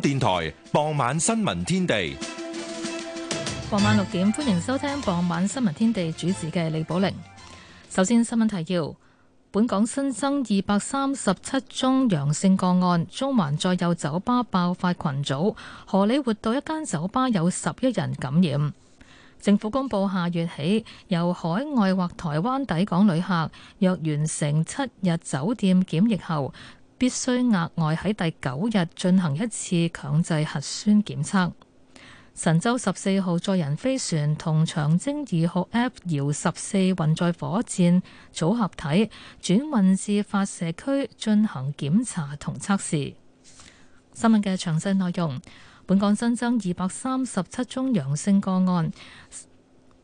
電台傍晚新聞天地，傍晚六點歡迎收聽傍晚新聞天地，主持嘅李寶玲。首先新聞提要：本港新增二百三十七宗陽性個案，中環再有酒吧爆發群組，荷里活道一間酒吧有十一人感染。政府公布下月起，由海外或台灣抵港旅客若完成七日酒店檢疫後，必須額外喺第九日進行一次強制核酸檢測。神舟十四號載人飛船同長征二號 F 遙十四運載火箭組合體轉運至發射區進行檢查同測試。新聞嘅詳細內容：本港新增二百三十七宗陽性個案，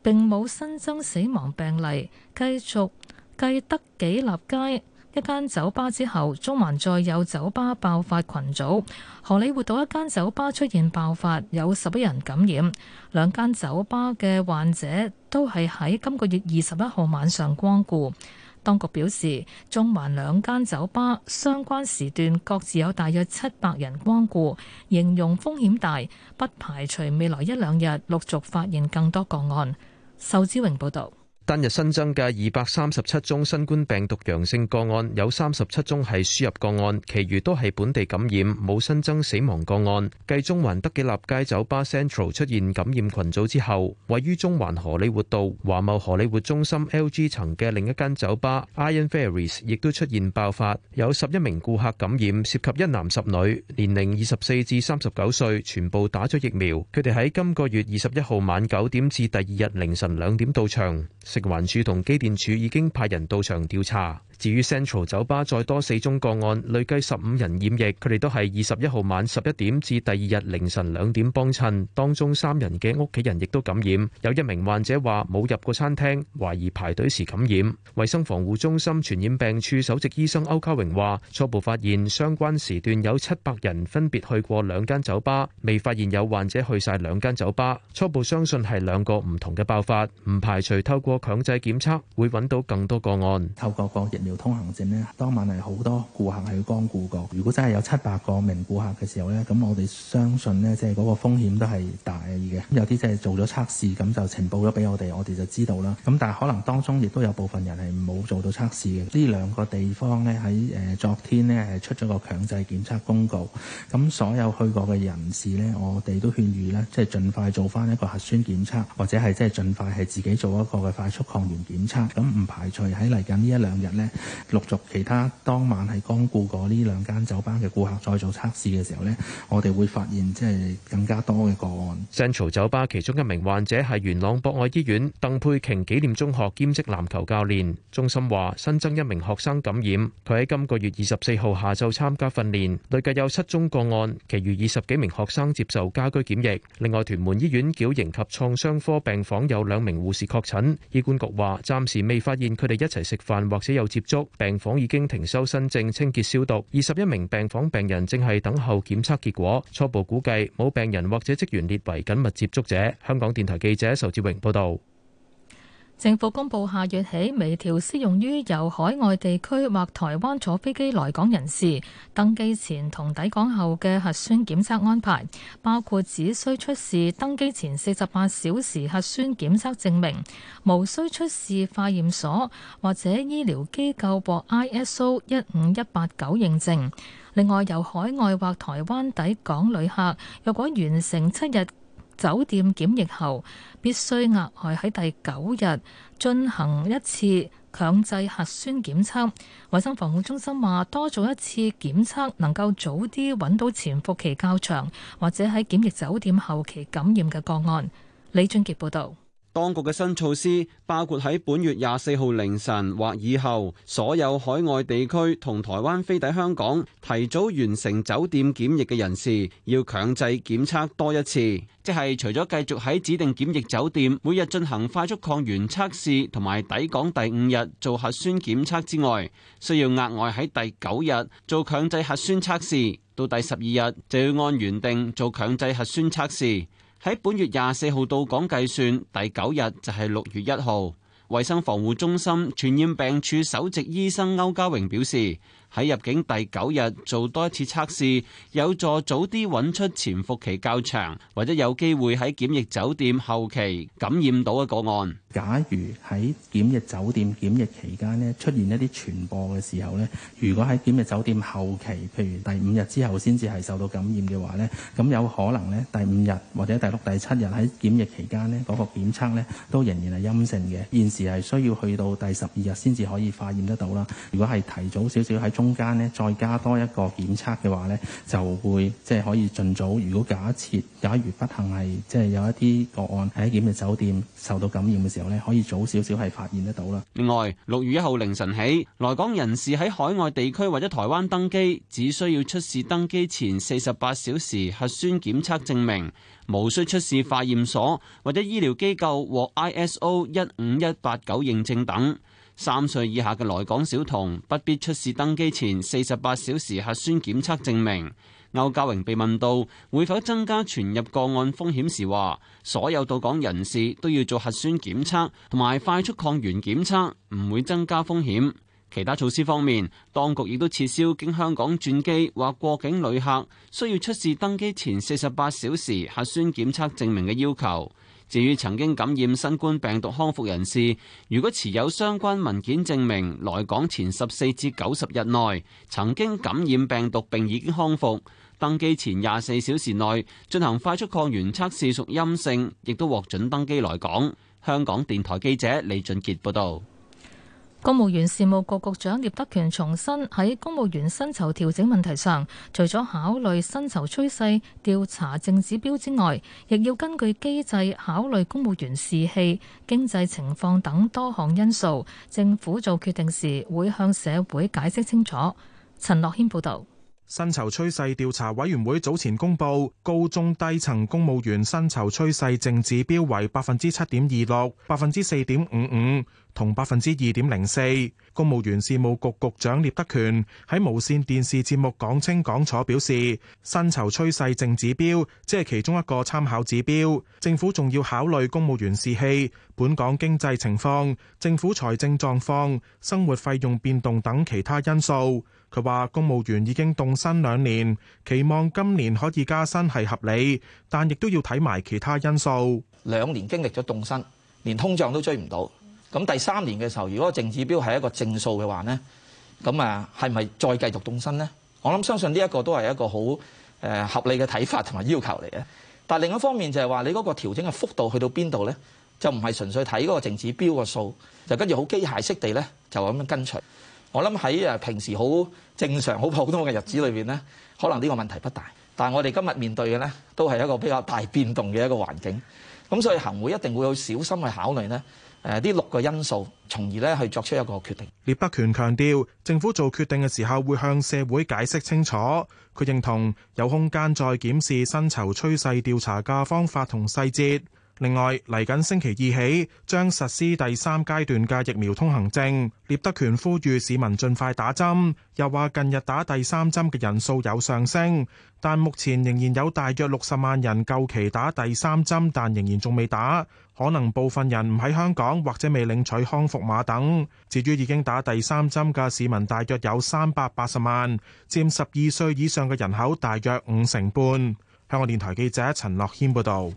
並冇新增死亡病例，繼續計得幾立街。」一間酒吧之後，中環再有酒吧爆發群組。荷里活道一間酒吧出現爆發，有十一人感染。兩間酒吧嘅患者都係喺今個月二十一號晚上光顧。當局表示，中環兩間酒吧相關時段各自有大約七百人光顧，形容風險大，不排除未來一兩日陸續發現更多個案。仇志榮報導。單日新增嘅二百三十七宗新冠病毒陽性個案，有三十七宗係輸入個案，其餘都係本地感染，冇新增死亡個案。繼中環德己立街酒吧 Central 出現感染群組之後，位於中環荷李活道華茂荷李活中心 LG 層嘅另一間酒吧 Iron Fairies 亦都出現爆發，有十一名顧客感染，涉及一男十女，年齡二十四至三十九歲，全部打咗疫苗。佢哋喺今個月二十一號晚九點至第二日凌晨兩點到場食。環署同機電署已經派人到場調查。至於 Central 酒吧再多四宗個案，累計十五人染疫，佢哋都係二十一號晚十一點至第二日凌晨兩點幫襯，當中三人嘅屋企人亦都感染。有一名患者話冇入過餐廳，懷疑排隊時感染。衛生防護中心傳染病處首席醫生歐嘉榮話：初步發現相關時段有七百人分別去過兩間酒吧，未發現有患者去晒兩間酒吧。初步相信係兩個唔同嘅爆發，唔排除透過強制檢測會揾到更多個案。透過強檢。條通行證咧，當晚係好多顧客係去光顧過。如果真係有七八個名顧客嘅時候咧，咁我哋相信咧，即係嗰個風險都係大嘅。有啲即係做咗測試，咁就呈報咗俾我哋，我哋就知道啦。咁但係可能當中亦都有部分人係冇做到測試嘅。呢兩個地方咧，喺誒昨天咧係出咗個強制檢測公告，咁所有去過嘅人士咧，我哋都勸喻啦，即係盡快做翻一個核酸檢測，或者係即係盡快係自己做一個嘅快速抗原檢測。咁唔排除喺嚟緊呢一兩日咧。陸續其他當晚係光顧過呢兩間酒吧嘅顧客再做測試嘅時候呢，我哋會發現即係更加多嘅個案。Central 酒吧其中一名患者係元朗博愛醫院鄧佩瓊紀念中學兼職籃球教練，中心話新增一名學生感染，佢喺今個月二十四號下晝參加訓練，累計有七宗個案，其餘二十幾名學生接受家居檢疫。另外，屯門醫院矯形及創傷科病房有兩名護士確診，醫管局話暫時未發現佢哋一齊食飯或者有接。足病房已經停收新症，清潔消毒。二十一名病房病人正係等候檢測結果，初步估計冇病人或者職員列為緊密接觸者。香港電台記者仇志榮報導。政府公布，下月起微調適用於由海外地區或台灣坐飛機來港人士登機前同抵港後嘅核酸檢測安排，包括只需出示登機前四十八小時核酸檢測證明，無需出示化驗所或者醫療機構獲 ISO 一五一八九認證。另外，由海外或台灣抵港旅客若果完成七日酒店檢疫後必須額外喺第九日進行一次強制核酸檢測。衞生防護中心話，多做一次檢測能夠早啲揾到潛伏期較長，或者喺檢疫酒店後期感染嘅個案。李俊傑報導。當局嘅新措施包括喺本月廿四號凌晨或以後，所有海外地區同台灣飛抵香港提早完成酒店檢疫嘅人士，要強制檢測多一次，即係除咗繼續喺指定檢疫酒店每日進行快速抗原測試同埋抵港第五日做核酸檢測之外，需要額外喺第九日做強制核酸測試，到第十二日就要按原定做強制核酸測試。喺本月廿四號到港計算，第九日就係六月一號。衞生防護中心傳染病處首席醫生歐家榮表示。喺入境第九日做多一次測試有助早啲揾出潛伏期較長或者有機會喺檢疫酒店後期感染到嘅個案。假如喺檢疫酒店檢疫期間咧出現一啲傳播嘅時候咧，如果喺檢疫酒店後期，譬如第五日之後先至係受到感染嘅話咧，咁有可能咧第五日或者第六、第七日喺檢疫期間咧嗰個檢測咧都仍然係陰性嘅。現時係需要去到第十二日先至可以化驗得到啦。如果係提早少少喺，中間咧，再加多一個檢測嘅話呢，就會即係可以盡早，如果假設假如不幸係即係有一啲個案喺檢疫酒店受到感染嘅時候呢，可以早少少係發現得到啦。另外，六月一號凌晨起，來港人士喺海外地區或者台灣登機，只需要出示登機前四十八小時核酸檢測證明，無需出示化驗所或者醫療機構獲 ISO 一五一八九認證等。三歲以下嘅來港小童不必出示登機前四十八小時核酸檢測證明。歐家榮被問到會否增加傳入個案風險時話，話所有到港人士都要做核酸檢測同埋快速抗原檢測，唔會增加風險。其他措施方面，當局亦都撤銷經香港轉機或過境旅客需要出示登機前四十八小時核酸檢測證明嘅要求。至於曾經感染新冠病毒康復人士，如果持有相關文件證明來港前十四至九十日內曾經感染病毒並已經康復，登機前廿四小時內進行快速抗原測試屬陰性，亦都獲准登機來港。香港電台記者李俊傑報道。公務員事務局局長聶德權重申喺公務員薪酬調整問題上，除咗考慮薪酬趨勢、調查淨指標之外，亦要根據機制考慮公務員士氣、經濟情況等多項因素。政府做決定時會向社會解釋清楚。陳樂謙報道。薪酬趨勢調查委員會早前公布，高中低層公務員薪酬趨勢淨指標為百分之七點二六、百分之四點五五同百分之二點零四。公務員事務局局長聶德權喺無線電視節目講清講楚，表示薪酬趨勢淨指標只係其中一個參考指標，政府仲要考慮公務員士氣、本港經濟情況、政府財政狀況、生活費用變動等其他因素。佢話：公務員已經凍薪兩年，期望今年可以加薪係合理，但亦都要睇埋其他因素。兩年經歷咗凍薪，連通脹都追唔到，咁第三年嘅時候，如果個淨指標係一個正數嘅話呢，咁啊，係咪再繼續凍薪呢？我諗相信呢一個都係一個好誒合理嘅睇法同埋要求嚟嘅。但另一方面就係話，你嗰個調整嘅幅度去到邊度呢？就唔係純粹睇嗰個淨指標個數，就跟住好機械式地呢，就咁樣跟隨。我諗喺誒平時好正常、好普通嘅日子裏邊呢，可能呢個問題不大。但係我哋今日面對嘅呢，都係一個比較大變動嘅一個環境。咁所以行會一定會好小心去考慮呢誒啲六個因素，從而呢去作出一個決定。聶北權強調，政府做決定嘅時候會向社會解釋清楚。佢認同有空間再檢視薪酬趨勢調查嘅方法同細節。另外，嚟緊星期二起將實施第三階段嘅疫苗通行證，聶德權呼籲市民盡快打針，又話近日打第三針嘅人數有上升，但目前仍然有大約六十萬人夠期打第三針，但仍然仲未打，可能部分人唔喺香港或者未領取康復碼等。至於已經打第三針嘅市民，大約有三百八十萬占十二歲以上嘅人口大約五成半。香港電台記者陳樂謙報道。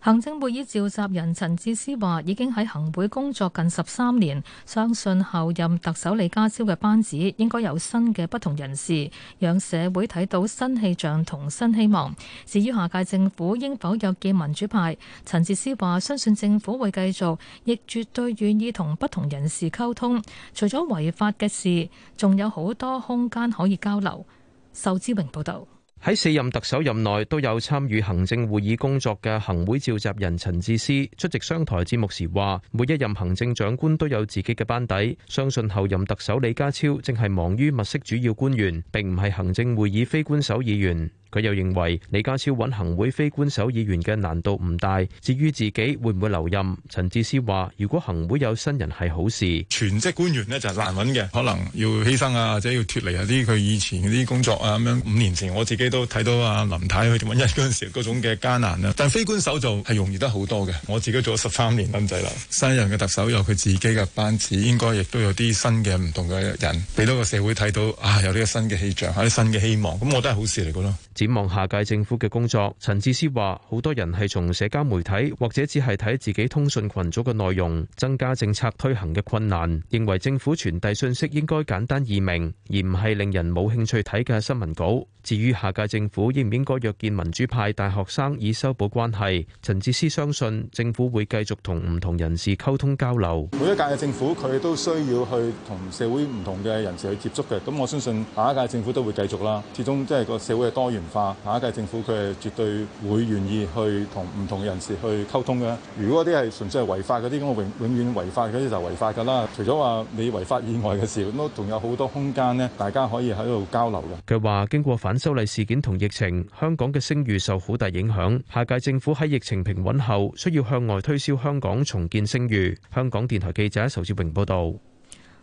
行政會議召集人陳智思話：已經喺行會工作近十三年，相信後任特首李家超嘅班子應該有新嘅不同人士，讓社會睇到新氣象同新希望。至於下屆政府應否有見民主派，陳智思話：相信政府會繼續，亦絕對願意同不同人士溝通。除咗違法嘅事，仲有好多空間可以交流。仇志榮報道。喺四任特首任內都有參與行政會議工作嘅行會召集人陳智思出席商台節目時話：每一任行政長官都有自己嘅班底，相信後任特首李家超正係忙於物色主要官員，並唔係行政會議非官守議員。佢又認為李家超揾行會非官守議員嘅難度唔大，至於自己會唔會留任？陳智思話：如果行會有新人係好事，全職官員呢就是、難揾嘅，可能要犧牲啊，或者要脫離啊啲佢以前啲工作啊咁樣。五年前我自己都睇到啊林太去揾人嗰陣時嗰種嘅艱難啦、啊，但係非官守就係容易得好多嘅。我自己做咗十三年咁滯啦，新人嘅特首有佢自己嘅班子，應該亦都有啲新嘅唔同嘅人，俾到個社會睇到啊有呢個新嘅氣象，有啲新嘅希望，咁我都係好事嚟嘅咯。展望下屆政府嘅工作，陳智思話：好多人係從社交媒體或者只係睇自己通訊群組嘅內容，增加政策推行嘅困難。認為政府傳遞信息應該簡單易明，而唔係令人冇興趣睇嘅新聞稿。至於下屆政府應唔應該約見民主派大學生以修補關係，陳智思相信政府會繼續同唔同人士溝通交流。每一屆嘅政府佢都需要去同社會唔同嘅人士去接觸嘅，咁我相信下一屆政府都會繼續啦。始終即係個社會係多元化，下一屆政府佢係絕對會願意去同唔同人士去溝通嘅。如果啲係純粹係違法嗰啲，咁我永永遠違法嗰啲就違法㗎喇。除咗話你違法以外嘅事，咁都仲有好多空間呢，大家可以喺度交流嘅。佢話經過反修例事件同疫情，香港嘅聲譽受好大影響。下屆政府喺疫情平穩後，需要向外推銷香港重建聲譽。香港電台記者仇志榮報道。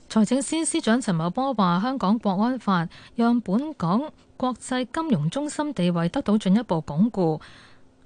財政司司長陳茂波話，香港國安法讓本港國際金融中心地位得到進一步鞏固。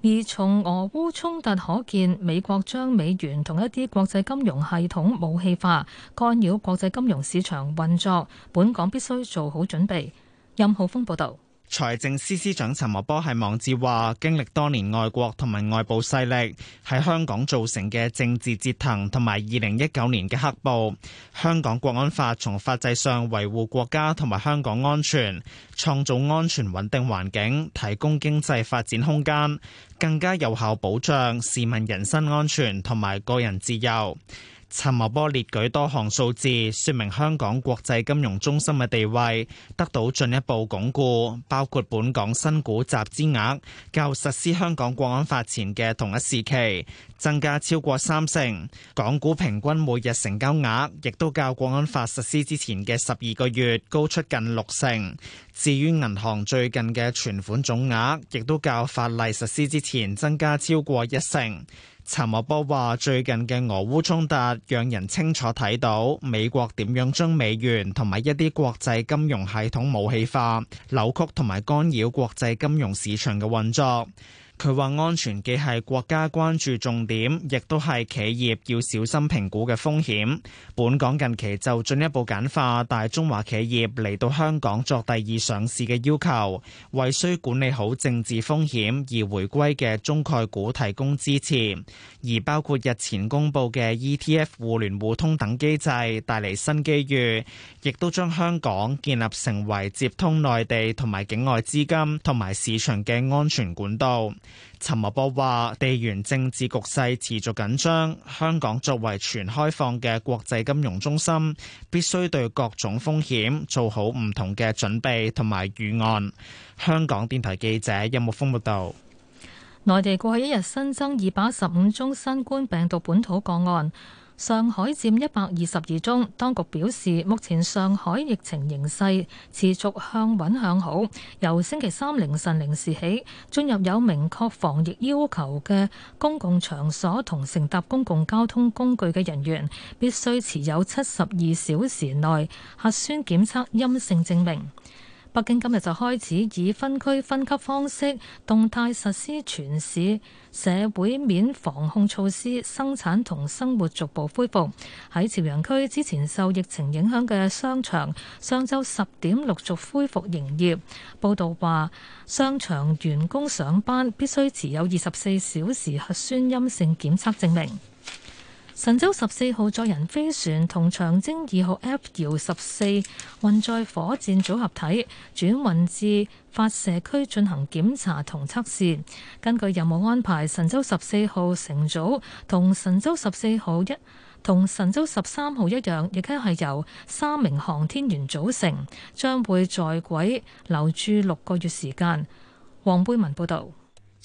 而從俄烏衝突可見，美國將美元同一啲國際金融系統武器化，干擾國際金融市場運作。本港必須做好準備。任浩峰報道。財政司司長陳茂波喺網誌話：經歷多年外國同埋外部勢力喺香港造成嘅政治折騰，同埋二零一九年嘅黑暴，香港國安法從法制上維護國家同埋香港安全，創造安全穩定環境，提供經濟發展空間，更加有效保障市民人身安全同埋個人自由。陳茂波列舉多項數字，說明香港國際金融中心嘅地位得到進一步鞏固，包括本港新股集資額較實施香港國安法前嘅同一時期增加超過三成，港股平均每日成交額亦都較國安法實施之前嘅十二個月高出近六成。至於銀行最近嘅存款總額，亦都較法例實施之前增加超過一成。陳茂波話：最近嘅俄烏衝突，讓人清楚睇到美國點樣將美元同埋一啲國際金融系統武器化、扭曲同埋干擾國際金融市場嘅運作。佢話安全既係國家關注重點，亦都係企業要小心評估嘅風險。本港近期就進一步簡化大中華企業嚟到香港作第二上市嘅要求，為需管理好政治風險而回歸嘅中概股提供支持。而包括日前公布嘅 E T F 互聯互通等機制，帶嚟新機遇，亦都將香港建立成為接通內地同埋境外資金同埋市場嘅安全管道。陳茂波話：地緣政治局勢持續緊張，香港作為全開放嘅國際金融中心，必須對各種風險做好唔同嘅準備同埋預案。香港電台記者任木峰報道。內地過去一日新增二百一十五宗新冠病毒本土個案。上海佔一百二十二宗，當局表示目前上海疫情形勢持續向穩向好。由星期三凌晨零時起，進入有明確防疫要求嘅公共場所同乘搭公共交通工具嘅人員，必須持有七十二小時內核酸檢測陰性證明。北京今日就開始以分區分級方式動態實施全市社會面防控措施，生產同生活逐步恢復。喺朝陽區之前受疫情影響嘅商場，上晝十點陸續恢復營業。報道話，商場員工上班必須持有二十四小時核酸陰性檢測證明。神舟十四號載人飛船同長征二號 F 遙十四運載火箭組合體轉運至發射區進行檢查同測試。根據任務安排，神舟十四號乘組同神舟十四號一同神舟十三號一樣，亦都係由三名航天員組成，將會在軌留駐六個月時間。黃貝文報導。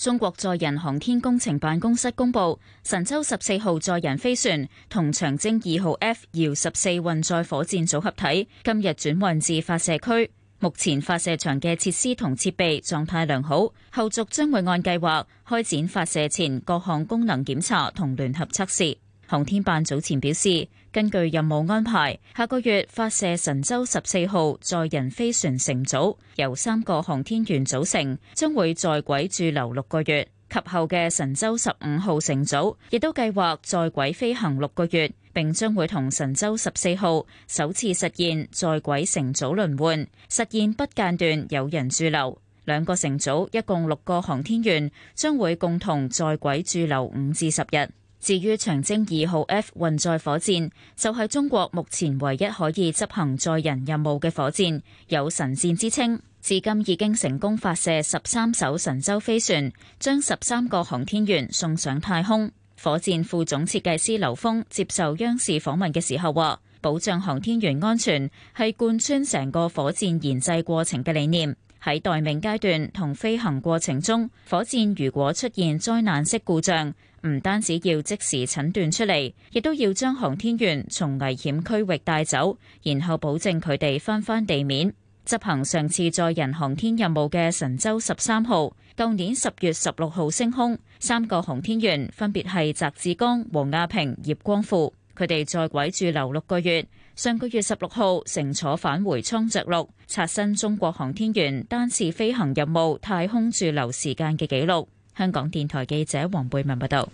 中國載人航天工程辦公室公布，神舟十四號載人飛船同長征二號 F 遙十四運載火箭組合體今日轉運至發射區。目前發射場嘅設施同設備狀態良好，後續將會按計劃開展發射前各項功能檢查同聯合測試。航天辦早前表示，根據任務安排，下個月發射神舟十四號載人飛船乘組，由三個航天員組成，將會在軌駐留六個月。及後嘅神舟十五號乘組亦都計劃在軌飛行六個月，並將會同神舟十四號首次實現在軌乘組輪換，實現不間斷有人駐留。兩個乘組一共六個航天員將會共同在軌駐留五至十日。至於長征二號 F 運載火箭，就係中國目前唯一可以執行載人任務嘅火箭，有神箭之稱。至今已經成功發射十三艘神舟飛船，將十三個航天員送上太空。火箭副總設計師劉峰接受央視訪問嘅時候話，保障航天員安全係貫穿成個火箭研製過程嘅理念。喺待命階段同飛行過程中，火箭如果出現災難式故障，唔單止要即時診斷出嚟，亦都要將航天員從危險區域帶走，然後保證佢哋翻返地面。執行上次載人航天任務嘅神舟十三號，舊年十月十六號升空，三個航天員分別係翟志剛、王亞平、葉光富，佢哋在軌駐留六個月。上個月十六號，乘坐返回艙著陸，刷新中國航天員單次飛行任務太空駐留時間嘅紀錄。香港電台記者黃貝文報道。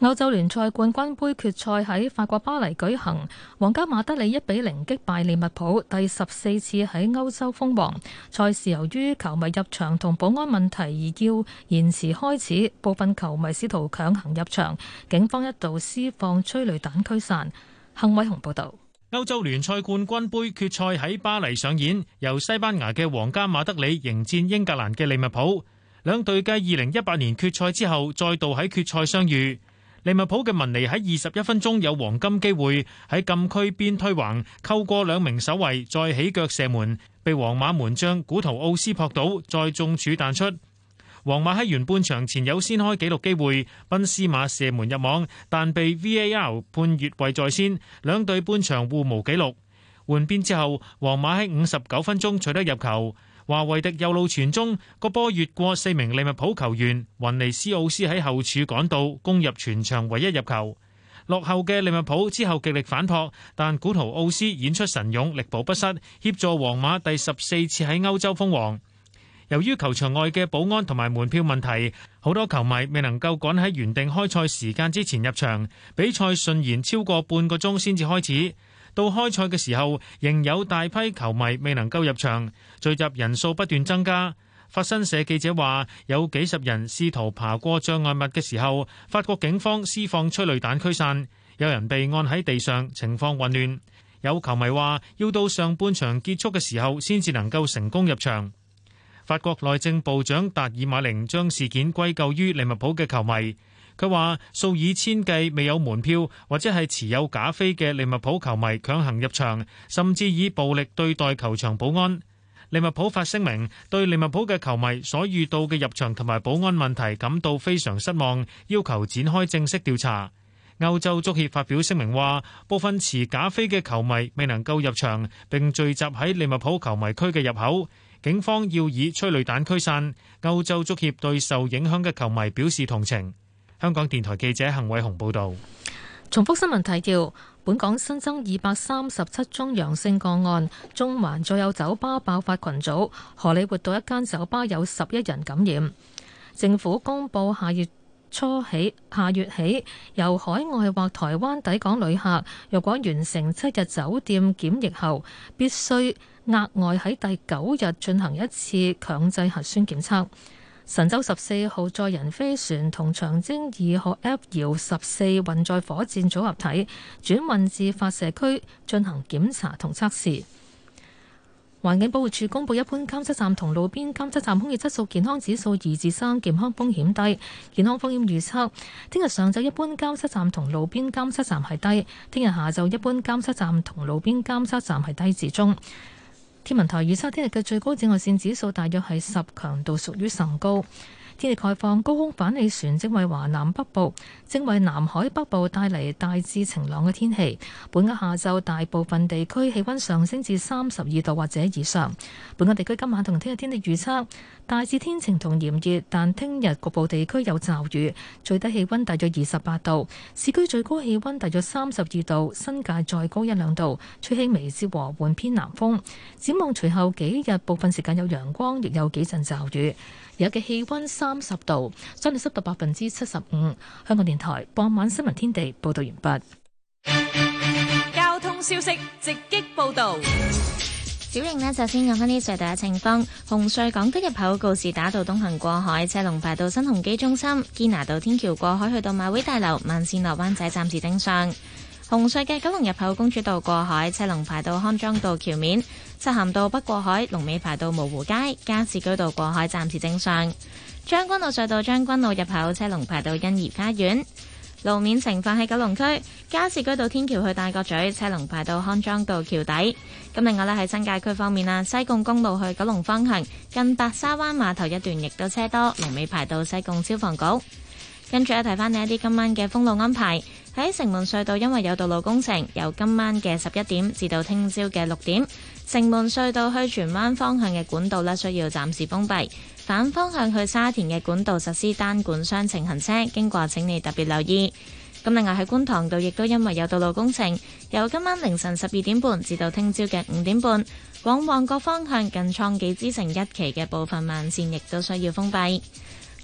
歐洲聯賽冠軍杯決賽喺法國巴黎舉行，皇家馬德里一比零擊敗利物浦，第十四次喺歐洲封王。賽事由於球迷入場同保安問題而要延遲開始，部分球迷試圖強行入場，警方一度施放催淚彈驅散。幸偉雄報道。歐洲聯賽冠軍盃決賽喺巴黎上演，由西班牙嘅皇家馬德里迎戰英格蘭嘅利物浦。兩隊繼二零一八年決賽之後，再度喺決賽相遇。利物浦嘅文尼喺二十一分鐘有黃金機會，喺禁區邊推橫，扣過兩名守衛再起腳射門，被皇馬門將古圖奧斯撲倒，再中柱彈出。皇馬喺完半場前有先開紀錄機會，賓斯馬射門入網，但被 VAR 判越位在先，兩隊半場互無紀錄。換邊之後，皇馬喺五十九分鐘取得入球，華維迪右路傳中，個波越過四名利物浦球員，雲尼斯奧斯喺後處趕到攻入全場唯一入球。落後嘅利物浦之後極力反撲，但古圖奧斯演出神勇，力保不失，協助皇馬第十四次喺歐洲封王。由於球場外嘅保安同埋門票問題，好多球迷未能夠趕喺原定開賽時間之前入場。比賽順延超過半個鐘先至開始。到開賽嘅時候，仍有大批球迷未能夠入場，聚集人數不斷增加。法新社記者話：有幾十人試圖爬過障礙物嘅時候，法國警方施放催淚彈驅散，有人被按喺地上，情況混亂。有球迷話：要到上半場結束嘅時候先至能夠成功入場。法國內政部長達爾馬寧將事件歸咎於利物浦嘅球迷，佢話數以千計未有門票或者係持有假飛嘅利物浦球迷強行入場，甚至以暴力對待球場保安。利物浦發聲明對利物浦嘅球迷所遇到嘅入場同埋保安問題感到非常失望，要求展開正式調查。歐洲足協發表聲明話，部分持假飛嘅球迷未能夠入場，並聚集喺利物浦球迷區嘅入口。警方要以催淚彈驅散。歐洲足協對受影響嘅球迷表示同情。香港電台記者邢偉雄報道。重複新聞提要，本港新增二百三十七宗陽性個案，中環再有酒吧爆發群組，荷里活道一間酒吧有十一人感染。政府公布下月初起，下月起由海外或台灣抵港旅客，若果完成七日酒店檢疫後，必須。額外喺第九日進行一次強制核酸檢測。神舟十四號載人飛船同長征二號 F 遙十四運載火箭組合體轉運至發射區進行檢查同測試。環境保護署公布一般監測站同路邊監測站空氣質素健康指數二至三，健康風險低。健康風險預測：聽日上晝一般監測站同路邊監測站係低；聽日下晝一般監測站同路邊監測站係低至中。天文台預測聽日嘅最高紫外線指數大約係十，強度屬於甚高。天氣概況，高空反氣旋正為華南北部、正為南海北部帶嚟大致晴朗嘅天氣。本港下晝大部分地區氣温上升至三十二度或者以上。本港地區今晚同聽日天氣預測大致天晴同炎熱，但聽日局部地區有驟雨，最低氣温大約二十八度，市區最高氣温大約三十二度，新界再高一兩度。吹輕微至和緩偏南風。展望隨後幾日，部分時間有陽光，亦有幾陣驟雨。有嘅氣温三十度，相對濕度百分之七十五。香港電台傍晚新聞天地報道完畢。交通消息直擊報導。小瑩呢，就先講翻呢隧道嘅情況。紅隧港島入口告士打道東行過海，車龍排到新鴻基中心；堅拿道天橋過海去到馬會大樓，慢線落灣仔暫時頂上。紅隧嘅九龍入口公主道過海，車龍排到康莊道橋面。沙行道北過海，龍尾排到蕪湖街；加士居道過海暫時正常。將軍澳隧道將軍澳入口車龍排到欣怡家園，路面情況喺九龍區。加士居道天橋去大角咀車龍排到康莊道橋底。咁另外呢，喺新界區方面啦，西貢公路去九龍方向近白沙灣碼頭一段亦都車多，龍尾排到西貢消防局。跟住咧，睇翻你一啲今晚嘅封路安排。喺城門隧道，因為有道路工程，由今晚嘅十一點至到聽朝嘅六點，城門隧道去荃灣方向嘅管道咧需要暫時封閉，反方向去沙田嘅管道實施單管雙程行車，經過請你特別留意。咁另外喺觀塘道亦都因為有道路工程，由今晚凌晨十二點半至到聽朝嘅五點半，往旺角方向近創紀之城一期嘅部分慢綫亦都需要封閉。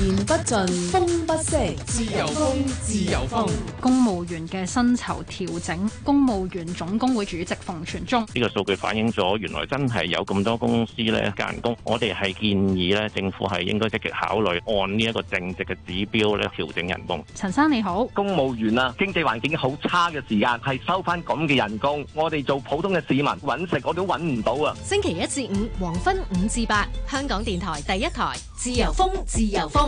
言不盡，風不息，自由風，自由風。公務員嘅薪酬調整，公務員總工會主席馮全忠呢個數據反映咗，原來真係有咁多公司咧加人工。我哋係建議咧，政府係應該積極考慮按呢一個正值嘅指標咧調整人工。陳生你好，公務員啊，經濟環境好差嘅時間係收翻咁嘅人工，我哋做普通嘅市民揾食我都揾唔到啊！星期一至五黃昏五至八，香港電台第一台，自由風，自由風。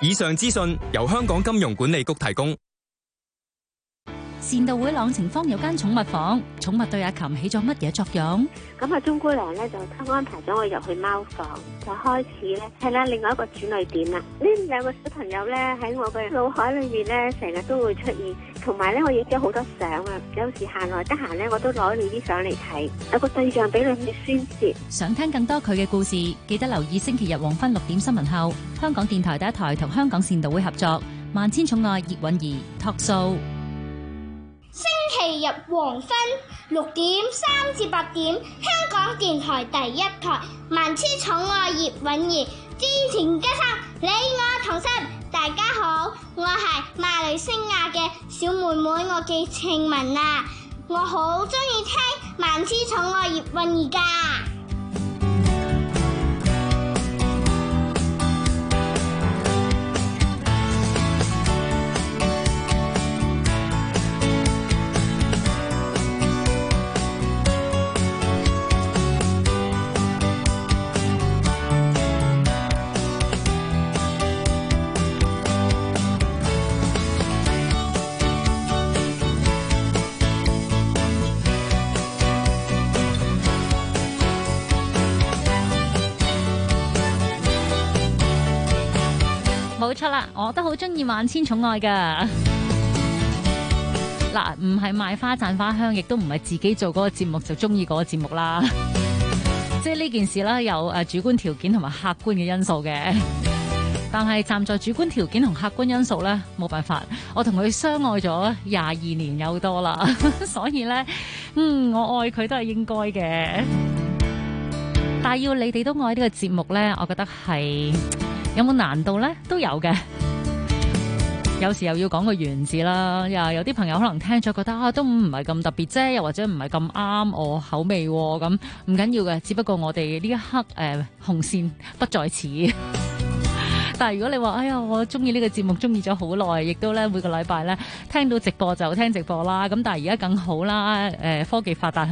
以上資訊由香港金融管理局提供。善道會朗晴坊有間寵物房，寵物對阿琴起咗乜嘢作用？咁啊，鐘姑娘咧就安排咗我入去貓房，就開始咧係啦。另外一個轉捩點啦，呢兩個小朋友咧喺我嘅腦海裏面咧成日都會出現，同埋咧我影咗好多相啊。有時閒來得閒咧，我都攞呢啲相嚟睇。有個對象俾你宣泄，想聽更多佢嘅故事，記得留意星期日黃昏六點新聞後，香港電台第一台同香港善道會合作《萬千寵愛葉韻兒》托數。星期日黃昏六點三至八點，香港電台第一台《萬千寵愛葉韻兒》，之情加紮，你我同心。大家好，我係馬來西亞嘅小妹妹，我叫鄭文啊，我好鍾意聽《萬千寵愛葉韻兒》噶。出 啦！我都好中意萬千寵愛噶嗱，唔係賣花讚花香，亦都唔係自己做嗰個節目就中意嗰個節目啦。 即係呢件事啦，有誒主觀條件同埋客觀嘅因素嘅。 但係站在主觀條件同客觀因素呢，冇辦法，我同佢相愛咗廿二年有多啦， 所以呢，嗯，我愛佢都係應該嘅。 但係要你哋都愛呢個節目呢，我覺得係。有冇難度咧？都有嘅， 有時又要講個原字啦。又有啲朋友可能聽咗覺得啊，都唔係咁特別啫，又或者唔係咁啱我口味咁，哦，唔緊要嘅。只不過我哋呢一刻誒、呃，紅線不在此。 但係如果你話哎呀，我中意呢個節目，中意咗好耐，亦都咧每個禮拜咧聽到直播就聽直播啦。咁但係而家更好啦，誒、呃，科技發達